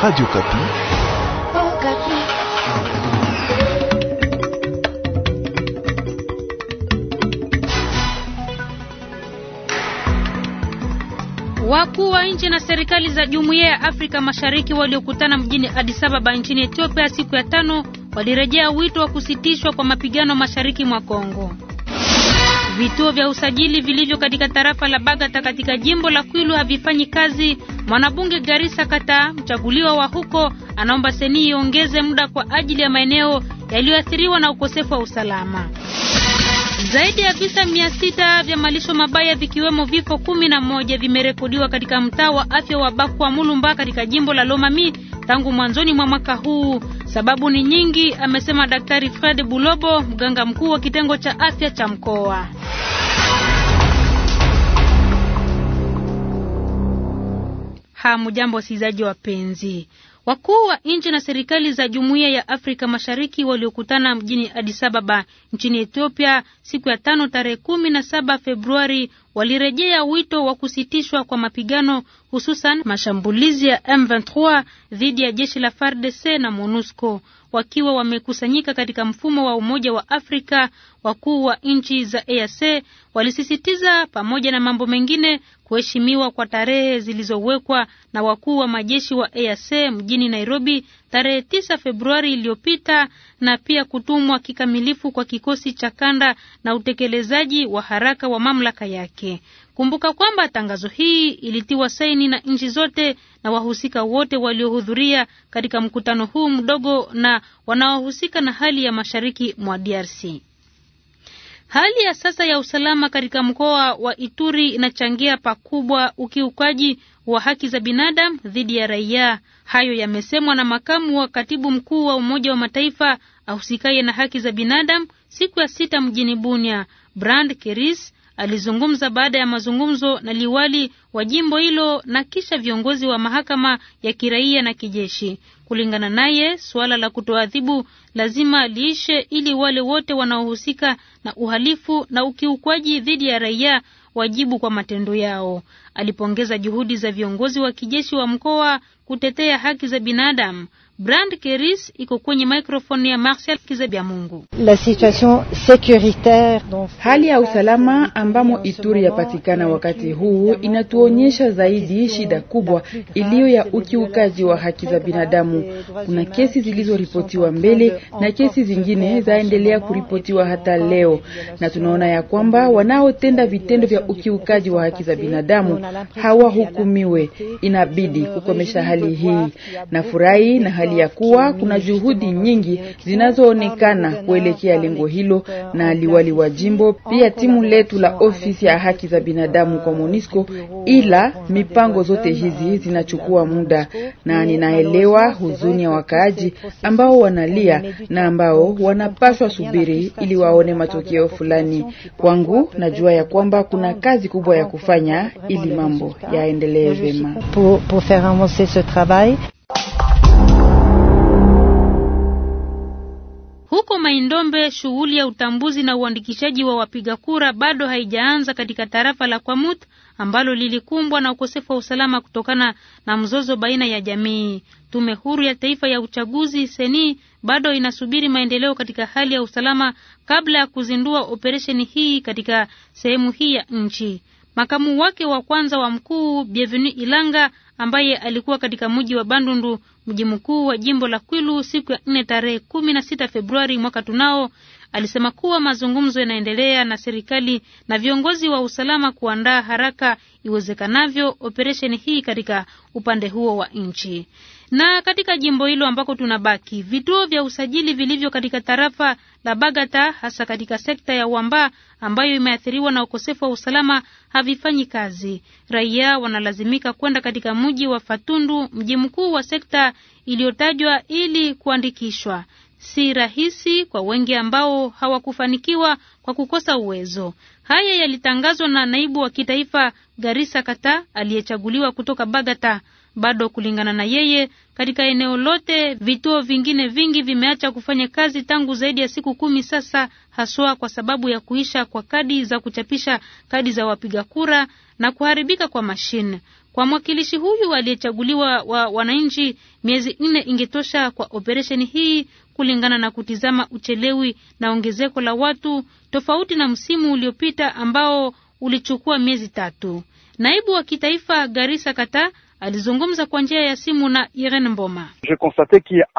Radio Kapi. Oh, Kapi. Wakuu wa nchi na serikali za Jumuiya ya Afrika Mashariki waliokutana mjini Addis Ababa nchini Ethiopia siku ya tano walirejea wito wa kusitishwa kwa mapigano mashariki mwa Kongo. Vituo vya usajili vilivyo katika tarafa la Bagata katika jimbo la Kwilu havifanyi kazi. Mwanabunge Garissa Kata, mchaguliwa wa huko, anaomba seni iongeze muda kwa ajili ya maeneo yaliyoathiriwa na ukosefu wa usalama. Zaidi ya visa mia sita vya malisho mabaya vikiwemo vifo kumi na moja vimerekodiwa katika mtaa wa afya wa Bakwa Mulumba katika jimbo la Lomami tangu mwanzoni mwa mwaka huu. Sababu ni nyingi, amesema Daktari Fred Bulobo, mganga mkuu wa kitengo cha afya cha mkoa. Hamujambo wasikilizaji wapenzi. Wakuu wa nchi na serikali za Jumuiya ya Afrika Mashariki waliokutana mjini Addis Ababa nchini Ethiopia siku ya tano tarehe kumi na saba Februari walirejea wito wa kusitishwa kwa mapigano hususan mashambulizi ya M23 dhidi ya jeshi la FARDC na MONUSCO. Wakiwa wamekusanyika katika mfumo wa Umoja wa Afrika, wakuu wa nchi za EAC walisisitiza pamoja na mambo mengine kuheshimiwa kwa tarehe zilizowekwa na wakuu wa majeshi wa EAC mjini Nairobi tarehe 9 Februari iliyopita na pia kutumwa kikamilifu kwa kikosi cha kanda na utekelezaji wa haraka wa mamlaka yake. Kumbuka kwamba tangazo hii ilitiwa saini na nchi zote na wahusika wote waliohudhuria katika mkutano huu mdogo na wanaohusika na hali ya mashariki mwa DRC. Hali ya sasa ya usalama katika mkoa wa Ituri inachangia pakubwa ukiukaji wa haki za binadamu dhidi ya raia. Hayo yamesemwa na makamu wa katibu mkuu wa Umoja wa Mataifa ahusikaye na haki za binadamu siku ya sita mjini Bunia, Brand Keris Alizungumza baada ya mazungumzo na liwali wa jimbo hilo na kisha viongozi wa mahakama ya kiraia na kijeshi. Kulingana naye, suala la kutoadhibu lazima liishe ili wale wote wanaohusika na uhalifu na ukiukwaji dhidi ya raia wajibu kwa matendo yao. Alipongeza juhudi za viongozi wa kijeshi wa mkoa kutetea haki za binadamu. Brand Keris iko kwenye mikrofoni ya Marcel Mungu. La situation sécuritaire donc... hali ya usalama ambamo Ituri yapatikana wakati huu inatuonyesha zaidi shida kubwa iliyo ya ukiukaji wa haki za binadamu. Kuna kesi zilizoripotiwa mbele na kesi zingine zaendelea kuripotiwa hata leo, na tunaona ya kwamba wanaotenda vitendo vya ukiukaji wa haki za binadamu hawahukumiwe. Inabidi kukomesha hali hii. Nafurahi na hali hali ya kuwa kuna juhudi nyingi zinazoonekana kuelekea lengo hilo, na liwali wa jimbo pia timu letu la ofisi ya haki za binadamu kwa MONUSCO, ila mipango zote hizi zinachukua muda, na ninaelewa huzuni ya wakaaji ambao wanalia na ambao wanapaswa subiri ili waone matokeo fulani. Kwangu najua ya kwamba kuna kazi kubwa ya kufanya ili mambo yaendelee vema. Huko Maindombe, shughuli ya utambuzi na uandikishaji wa wapiga kura bado haijaanza katika tarafa la kwamut ambalo lilikumbwa na ukosefu wa usalama kutokana na mzozo baina ya jamii. Tume huru ya taifa ya uchaguzi seni bado inasubiri maendeleo katika hali ya usalama kabla ya kuzindua operesheni hii katika sehemu hii ya nchi makamu wake wa kwanza wa mkuu Bienvenu Ilanga ambaye alikuwa katika mji wa Bandundu, mji mkuu wa jimbo la Kwilu, siku ya nne tarehe kumi na sita Februari mwaka tunao, alisema kuwa mazungumzo yanaendelea na serikali na viongozi wa usalama kuandaa haraka iwezekanavyo operesheni hii katika upande huo wa nchi. Na katika jimbo hilo ambako tunabaki, vituo vya usajili vilivyo katika tarafa la Bagata, hasa katika sekta ya Uamba ambayo imeathiriwa na ukosefu wa usalama, havifanyi kazi. Raia wanalazimika kwenda katika mji wa Fatundu, mji mkuu wa sekta iliyotajwa, ili kuandikishwa. Si rahisi kwa wengi ambao hawakufanikiwa kwa kukosa uwezo. Haya yalitangazwa na naibu wa kitaifa Garissa Kata aliyechaguliwa kutoka Bagata. Bado kulingana na yeye, katika eneo lote vituo vingine vingi vimeacha kufanya kazi tangu zaidi ya siku kumi sasa, haswa kwa sababu ya kuisha kwa kadi za kuchapisha kadi za wapiga kura na kuharibika kwa mashine. Kwa mwakilishi huyu aliyechaguliwa wa wananchi, miezi nne ingetosha kwa operesheni hii, kulingana na kutizama uchelewi na ongezeko la watu, tofauti na msimu uliopita ambao ulichukua miezi tatu. Naibu wa kitaifa garisa Kata Alizungumza kwa njia ya simu na Irene Mboma.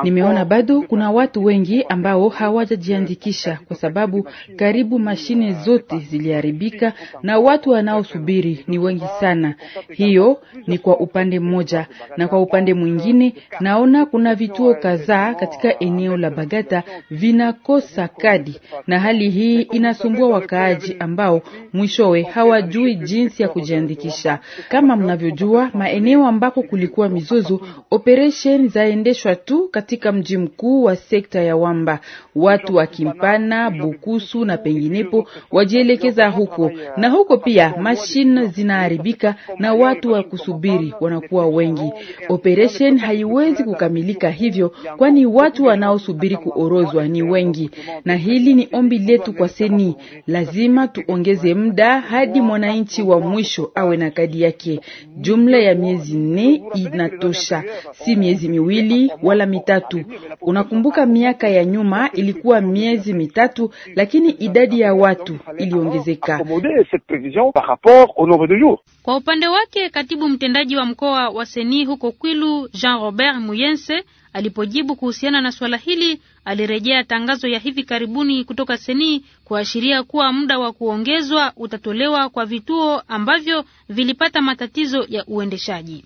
Nimeona bado kuna watu wengi ambao hawajajiandikisha kwa sababu karibu mashine zote ziliharibika na watu wanaosubiri ni wengi sana. Hiyo ni kwa upande mmoja, na kwa upande mwingine naona kuna vituo kadhaa katika eneo la Bagata vinakosa kadi, na hali hii inasumbua wakaaji ambao mwishowe hawajui jinsi ya kujiandikisha. Kama mnavyojua maeneo ambako kulikuwa mizozo, operesheni zaendeshwa tu katika mji mkuu wa sekta ya Wamba. Watu wa Kimpana, Bukusu na penginepo wajielekeza huko, na huko pia mashine zinaharibika na watu wa kusubiri wanakuwa wengi. Operesheni haiwezi kukamilika hivyo, kwani watu wanaosubiri kuorozwa ni wengi, na hili ni ombi letu kwa seni. Lazima tuongeze muda hadi mwananchi wa mwisho awe na kadi yake. Jumla ya miezi nne inatosha, si miezi miwili wala mitatu. Unakumbuka miaka ya nyuma ilikuwa miezi mitatu, lakini idadi ya watu iliongezeka. Kwa upande wake, katibu mtendaji wa mkoa wa Seni huko Kwilu, Jean Robert Muyense, alipojibu kuhusiana na swala hili, alirejea tangazo ya hivi karibuni kutoka Seni kuashiria kuwa muda wa kuongezwa utatolewa kwa vituo ambavyo vilipata matatizo ya uendeshaji.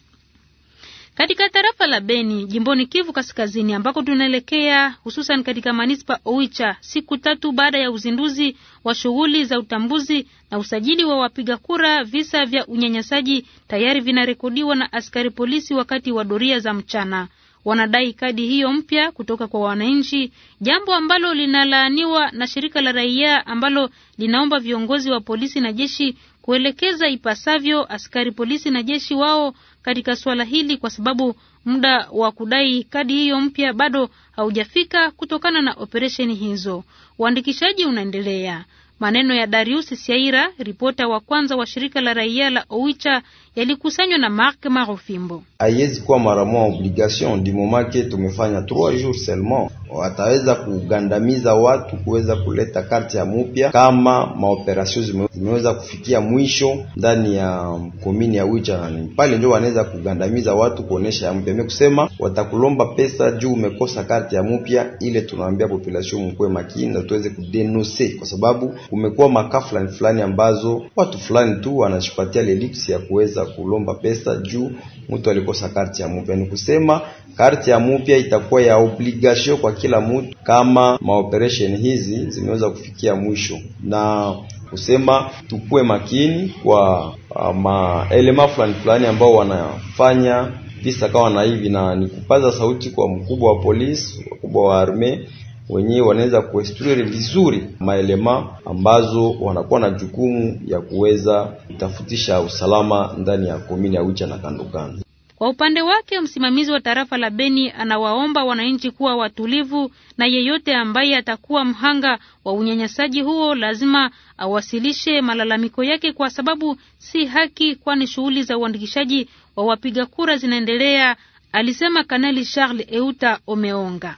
Katika tarafa la Beni jimboni Kivu Kaskazini ambako tunaelekea hususan katika manispa Oicha, siku tatu baada ya uzinduzi wa shughuli za utambuzi na usajili wa wapiga kura, visa vya unyanyasaji tayari vinarekodiwa na askari polisi wakati wa doria za mchana. Wanadai kadi hiyo mpya kutoka kwa wananchi, jambo ambalo linalaaniwa na shirika la raia ambalo linaomba viongozi wa polisi na jeshi kuelekeza ipasavyo askari polisi na jeshi wao katika suala hili kwa sababu muda wa kudai kadi hiyo mpya bado haujafika kutokana na operesheni hizo. Uandikishaji unaendelea. Maneno ya Darius Siaira, ripota wa kwanza wa shirika la raia la Oicha, yalikusanywa na Mark Marofimbo. Haiwezi kuwa mara moja obligation dimomake tumefanya 3 jours seulement wataweza kugandamiza watu kuweza kuleta karti ya mupya, kama maoperasio zimeweza kufikia mwisho ndani ya komini ya Wicha na pale, ndio wanaweza kugandamiza watu kuonesha ya mpya. kusema watakulomba pesa juu umekosa karti ya mupya ile. Tunawaambia population mkuwe makini na tuweze kudenose, kwa sababu kumekuwa makaa fulani fulani ambazo watu fulani tu wanashipatia lelipsi ya kuweza kulomba pesa juu mtu alikosa karti ya mupya. Ni kusema karti ya mupya itakuwa ya obligation kwa kila mtu kama maoperation hizi zimeweza kufikia mwisho, na kusema tukue makini kwa ah, maelema fulani fulani ambao wanafanya visa kawa na hivi, na ni kupaza sauti kwa mkubwa wa polisi, mkubwa wa arme wenyewe wanaweza kuestruire vizuri maelema ambazo wanakuwa na jukumu ya kuweza kutafutisha usalama ndani ya komini ya Wicha na kandokando. Kwa upande wake msimamizi wa tarafa la Beni anawaomba wananchi kuwa watulivu na yeyote ambaye atakuwa mhanga wa unyanyasaji huo lazima awasilishe malalamiko yake, kwa sababu si haki, kwani shughuli za uandikishaji wa wapiga kura zinaendelea, alisema Kanali Charles Euta Omeonga.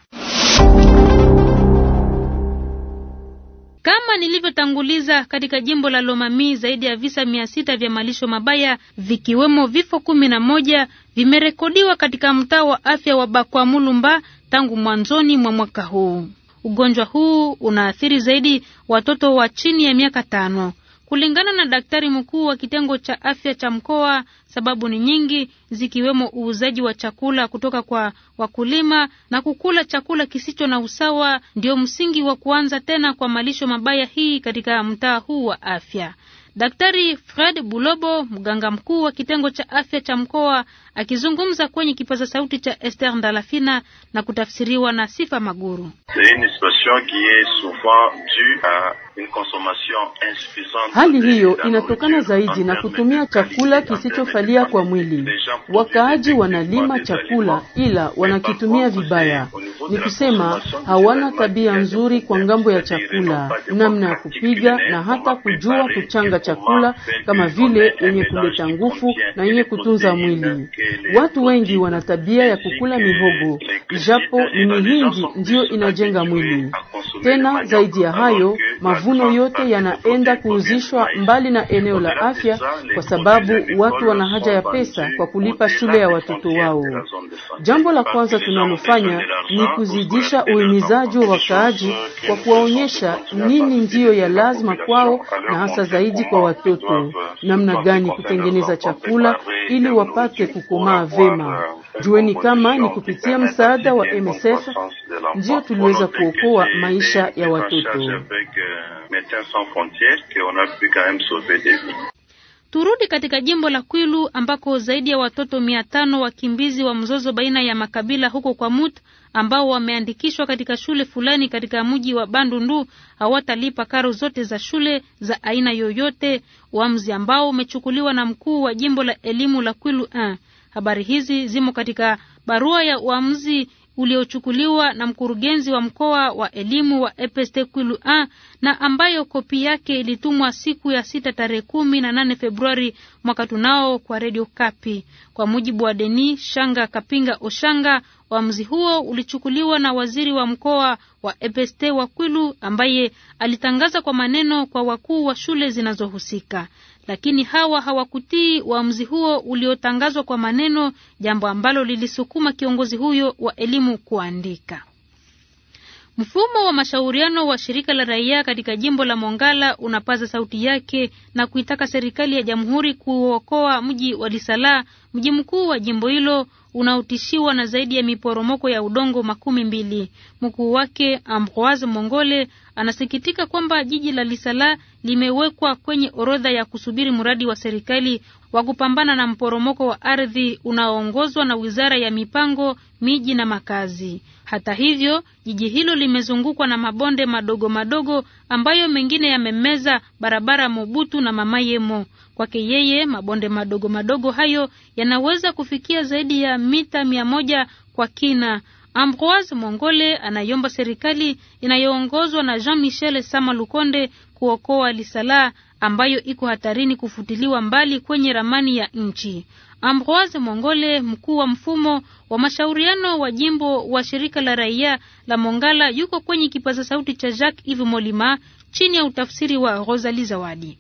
Kama nilivyotanguliza, katika jimbo la Lomami zaidi ya visa mia sita vya malisho mabaya vikiwemo vifo kumi na moja vimerekodiwa katika mtaa wa afya wa Bakwamulumba tangu mwanzoni mwa mwaka huu. Ugonjwa huu unaathiri zaidi watoto wa chini ya miaka tano. Kulingana na daktari mkuu wa kitengo cha afya cha mkoa, sababu ni nyingi zikiwemo uuzaji wa chakula kutoka kwa wakulima na kukula chakula kisicho na usawa ndio msingi wa kuanza tena kwa malisho mabaya hii katika mtaa huu wa afya. Daktari Fred Bulobo, mganga mkuu wa kitengo cha afya cha mkoa, akizungumza kwenye kipaza sauti cha Esther Ndalafina na kutafsiriwa na Sifa Maguru. Hali hiyo inatokana zaidi na kutumia chakula kisichofalia kwa mwili. Wakaaji wanalima chakula ila wanakitumia vibaya, ni kusema hawana tabia nzuri kwa ngambo ya chakula, namna ya kupiga na hata kujua kuchanga chakula kama vile yenye kuleta nguvu na yenye kutunza mwili. Watu wengi wana tabia ya kukula mihogo japo ni mihindi ndiyo inajenga mwili. Tena zaidi ya hayo, mavuno yote yanaenda kuuzishwa mbali na eneo la afya, kwa sababu watu wana haja ya pesa kwa kulipa shule ya watoto wao. Jambo la kwanza tunalofanya ni kuzidisha uhimizaji wa wakaaji kwa kuwaonyesha nini ndiyo ya lazima kwao, na hasa zaidi kwa watoto, namna gani kutengeneza chakula ili wapate kukomaa vema. Jueni kama ni kupitia msaada msaada wa MSF ndio tuliweza kuokoa maisha ya watoto. Turudi katika jimbo la Kwilu ambako zaidi ya watoto mia tano wakimbizi wa mzozo baina ya makabila huko kwa Mut ambao wameandikishwa katika shule fulani katika mji wa Bandundu hawatalipa karo zote za shule za aina yoyote, uamuzi ambao umechukuliwa na mkuu wa jimbo la elimu la Kwilu eh. Habari hizi zimo katika barua ya uamuzi uliochukuliwa na mkurugenzi wa mkoa wa elimu wa EPST Kwilu A na ambayo kopi yake ilitumwa siku ya sita tarehe kumi na nane Februari mwaka tunao kwa redio Kapi. Kwa mujibu wa Deni Shanga Kapinga Oshanga, uamuzi huo ulichukuliwa na waziri wa mkoa wa EPST wa Kwilu ambaye alitangaza kwa maneno kwa wakuu wa shule zinazohusika lakini hawa hawakutii uamuzi huo uliotangazwa kwa maneno, jambo ambalo lilisukuma kiongozi huyo wa elimu kuandika. Mfumo wa mashauriano wa shirika la raia katika jimbo la Mongala unapaza sauti yake na kuitaka serikali ya jamhuri kuokoa mji wa Lisala, mji mkuu wa jimbo hilo unaotishiwa na zaidi ya miporomoko ya udongo makumi mbili. Mkuu wake Ambroise Mongole anasikitika kwamba jiji la Lisala limewekwa kwenye orodha ya kusubiri mradi wa serikali wa kupambana na mporomoko wa ardhi unaoongozwa na Wizara ya Mipango, Miji na Makazi. Hata hivyo, jiji hilo limezungukwa na mabonde madogo madogo ambayo mengine yamemeza barabara Mobutu na Mama Yemo. Kwake yeye mabonde madogo madogo hayo yanaweza kufikia zaidi ya mita mia moja kwa kina. Ambroise Mongole anaiomba serikali inayoongozwa na Jean Michel Sama Lukonde kuokoa Lisala ambayo iko hatarini kufutiliwa mbali kwenye ramani ya nchi. Ambroise Mongole, mkuu wa mfumo wa mashauriano wa jimbo wa shirika la raia la Mongala, yuko kwenye kipaza sauti cha Jacques Yves Molima chini ya utafsiri wa rosali Zawadi.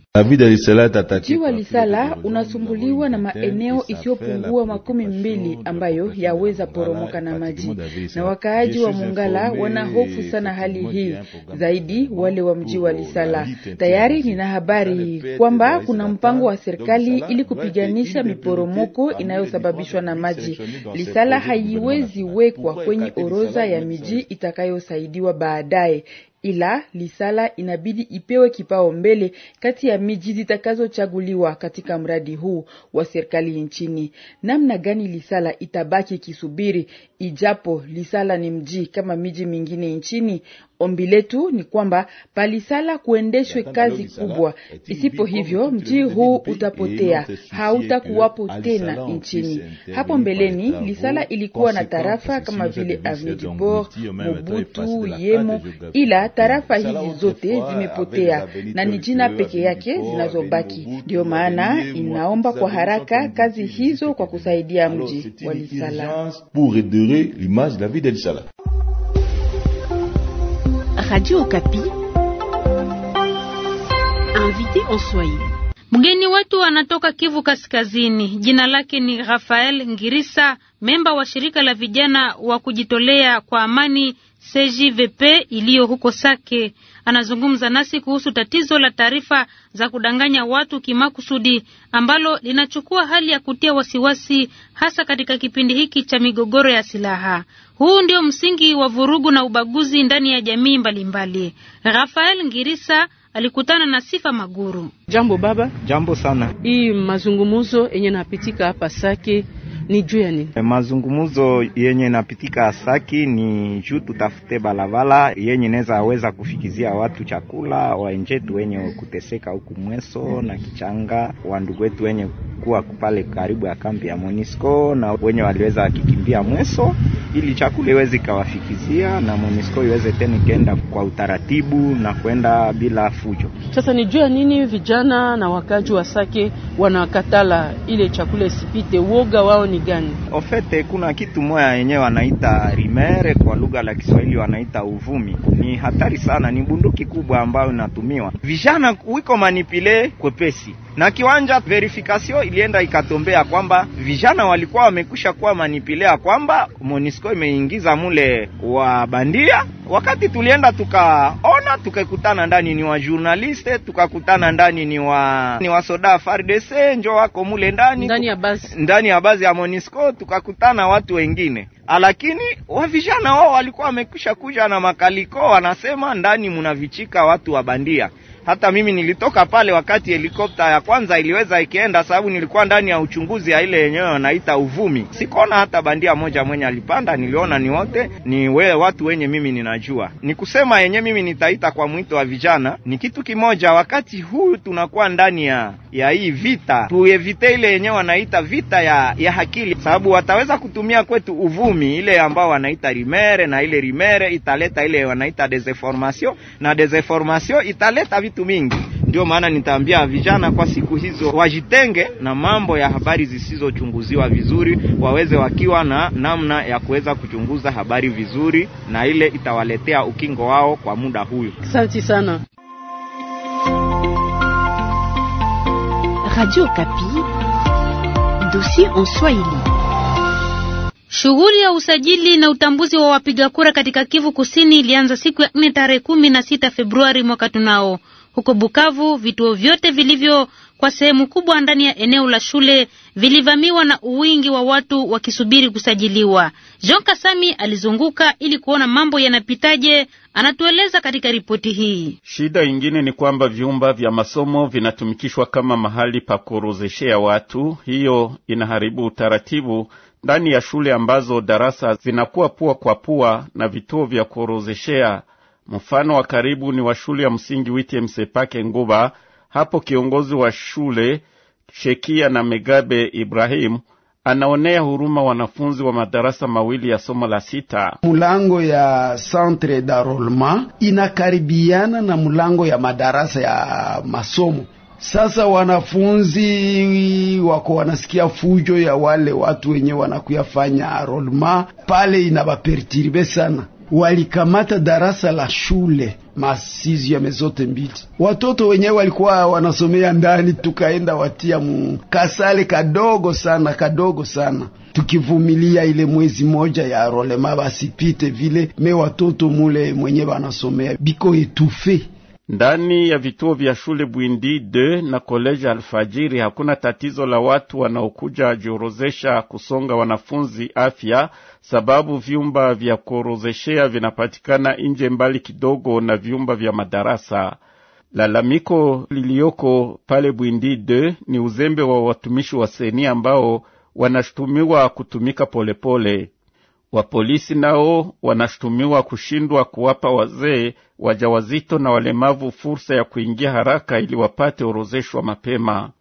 Jiwa Lisala unasumbuliwa na maeneo isiyopungua makumi mbili ambayo yaweza poromoka na maji, na wakaaji wa Mongala hofu sana hali hii, zaidi wale wa mji wa Lisala. Tayari nina habari kwamba kuna mpango wa serikali ili kupiganisha miporomoko mporomoko inayosababishwa na maji. Lisala haiwezi wekwa kwenye orodha ya miji itakayosaidiwa baadaye ila Lisala inabidi ipewe kipao mbele kati ya miji zitakazochaguliwa katika mradi huu wa serikali nchini. Namna gani Lisala itabaki kisubiri, ijapo Lisala ni mji kama miji mingine nchini? Ombi letu ni kwamba palisala kuendeshwe kazi kubwa, eh, isipo hivyo mji huu utapotea, hautakuwapo tena nchini. Hapo mbeleni Lisala ilikuwa na tarafa kama vile Avenue du Port, Mobutu, Yemo, ila tarafa hizi zote zimepotea na ni jina peke yake zinazobaki. Ndiyo maana inaomba kwa haraka kazi hizo kwa kusaidia mji wa Lisala. Mgeni wetu anatoka Kivu Kaskazini. Jina lake ni Rafael Ngirisa, memba wa shirika la vijana wa kujitolea kwa amani CJVP iliyo huko Sake. Anazungumza nasi kuhusu tatizo la taarifa za kudanganya watu kimakusudi ambalo linachukua hali ya kutia wasiwasi hasa katika kipindi hiki cha migogoro ya silaha. Huu ndio msingi wa vurugu na ubaguzi ndani ya jamii mbalimbali. Rafael Ngirisa alikutana na Sifa Maguru. Jambo baba. Jambo sana. Hii mazungumzo yenye napitika hapa Sake ni juu ya nini? Eh, mazungumzo yenye inapitika Saki ni juu tutafute balabala yenye naweza weza kufikizia watu chakula, waenjetu wenye kuteseka huku Mweso na Kichanga, wandugu wetu wenye kuwa pale karibu ya kambi ya Monisco na wenye waliweza wakikimbia Mweso, ili chakula iweze ikawafikizia na Monisco iweze tena ikaenda kwa utaratibu na kwenda bila fujo. Sasa ni juu ya nini vijana na wakaji wa Sake wanakatala ile chakula isipite? Woga wao ni ni gani? Ofete kuna kitu moya yenyewe wanaita rimere kwa lugha la Kiswahili wanaita uvumi. Ni hatari sana, ni bunduki kubwa ambayo inatumiwa vijana wiko manipile kwepesi na kiwanja verifikasio ilienda ikatombea kwamba vijana walikuwa wamekwisha kuwa manipilea kwamba Monisco imeingiza mule wa bandia Wakati tulienda tukaona, tukakutana ndani ni wa journaliste, tukakutana ndani ni wa ni wa soda FARDC, njo wako mule ndani ndani ya basi ndani ya bazi ya Monisco, tukakutana watu wengine Ah, lakini wavijana wao walikuwa wamekwisha kuja na makaliko, wanasema ndani munavichika watu wa bandia. Hata mimi nilitoka pale wakati helikopta ya kwanza iliweza ikienda, sababu nilikuwa ndani ya uchunguzi ya ile yenyewe wanaita uvumi. Sikuona hata bandia moja mwenye alipanda, niliona ni wote ni we, watu wenye mimi ninajua. Ni kusema yenye mimi nitaita kwa mwito wa vijana ni kitu kimoja. Wakati huu tunakuwa ndani ya, ya hii vita, tuevite ile yenyewe wanaita vita ya, ya hakili, sababu wataweza kutumia kwetu uvumi kumi ile ambao wanaita rimere na ile rimere italeta ile wanaita desinformation na desinformation italeta vitu mingi. Ndio maana nitaambia vijana kwa siku hizo wajitenge na mambo ya habari zisizochunguziwa vizuri, waweze wakiwa na namna ya kuweza kuchunguza habari vizuri, na ile itawaletea ukingo wao kwa muda huyu. Asante sana. Radio Kapi, dossier en Swahili. Shughuli ya usajili na utambuzi wa wapiga kura katika Kivu Kusini ilianza siku ya nne tarehe kumi na sita Februari mwaka tunao. Huko Bukavu, vituo vyote vilivyo kwa sehemu kubwa ndani ya eneo la shule vilivamiwa na uwingi wa watu wakisubiri kusajiliwa. Jean Kasami alizunguka ili kuona mambo yanapitaje, anatueleza katika ripoti hii. Shida ingine ni kwamba vyumba vya masomo vinatumikishwa kama mahali pa kuruzeshea watu, hiyo inaharibu utaratibu ndani ya shule ambazo darasa zinakuwa pua kwa pua na vituo vya kuorozeshea. Mfano wa karibu ni wa shule ya msingi Witi Msepake Nguba. Hapo kiongozi wa shule Shekia na Megabe Ibrahimu anaonea huruma wanafunzi wa madarasa mawili ya somo la sita. Mulango ya centre d'enrolement inakaribiana na mulango ya madarasa ya masomo sasa wanafunzi wako wanasikia fujo ya wale watu wenye wanakuyafanya arolma pale, inabaperturbe sana. Walikamata darasa la shule masizi ya mezote mbili, watoto wenyewe walikuwa wanasomea ndani, tukaenda watia mu kasale kadogo sana kadogo sana, tukivumilia ile mwezi moja ya rolema basipite vile me watoto mule mwenye wanasomea biko etufe ndani ya vituo vya shule Bwindi de na koleji Alfajiri hakuna tatizo la watu wanaokuja jiorozesha kusonga wanafunzi afya, sababu vyumba vya kuorozeshea vinapatikana nje mbali kidogo na vyumba vya madarasa. Lalamiko liliyoko pale Bwindi de ni uzembe wa watumishi wa seni ambao wanashutumiwa kutumika polepole pole wa polisi nao wanashutumiwa kushindwa kuwapa wazee wajawazito na walemavu fursa ya kuingia haraka ili wapate orozeshwa mapema.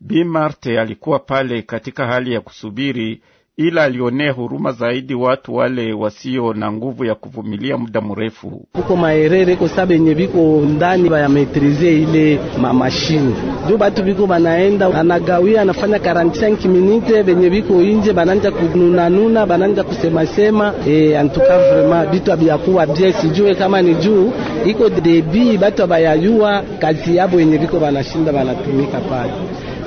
Bi Marte alikuwa pale katika hali ya kusubiri ila alionee huruma zaidi watu wale wasio na nguvu ya kuvumilia muda mrefu. Kuko maerere ko sabe yenye biko ndani bayametrize ile mamashini juu batu biko banaenda anagawia anafanya 45 minute benye biko inje bananja kununanuna bananja kusemasema e, antuka vrema bitu abiyakuwa bie sijue kama ni juu iko debi batu abayayua kazi yabo yenye biko banashinda banatumika pale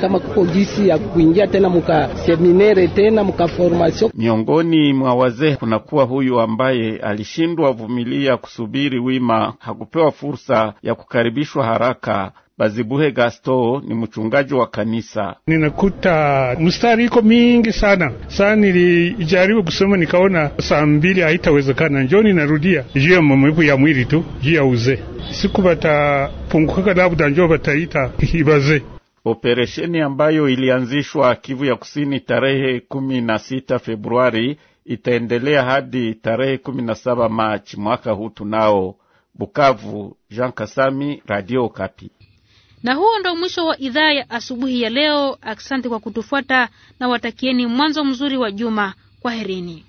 kama kuko jisi ya kuingia tena seminere tena mukaformasio. Miongoni mwa wazee kunakuwa huyu ambaye alishindwa vumilia kusubiri wima, hakupewa fursa ya kukaribishwa haraka. Bazibuhe Gasto ni mchungaji wa kanisa. Ninakuta mstari iko mingi sana sana. Nilijaribu kusoma nikaona saa mbili haitawezekana, njoo ninarudia juu ya maumivu ya mwili tu, juu ya uzee siku batapunguka, labda njoo bataita ibaze Operesheni ambayo ilianzishwa Kivu ya Kusini tarehe kumi na sita Februari itaendelea hadi tarehe kumi na saba Machi mwaka huu tunao. Bukavu, Jean Kasami, Radio Kapi. Na huo ndo mwisho wa idhaa ya asubuhi ya leo. Asante kwa kutufuata na watakieni mwanzo mzuri wa juma. Kwaherini.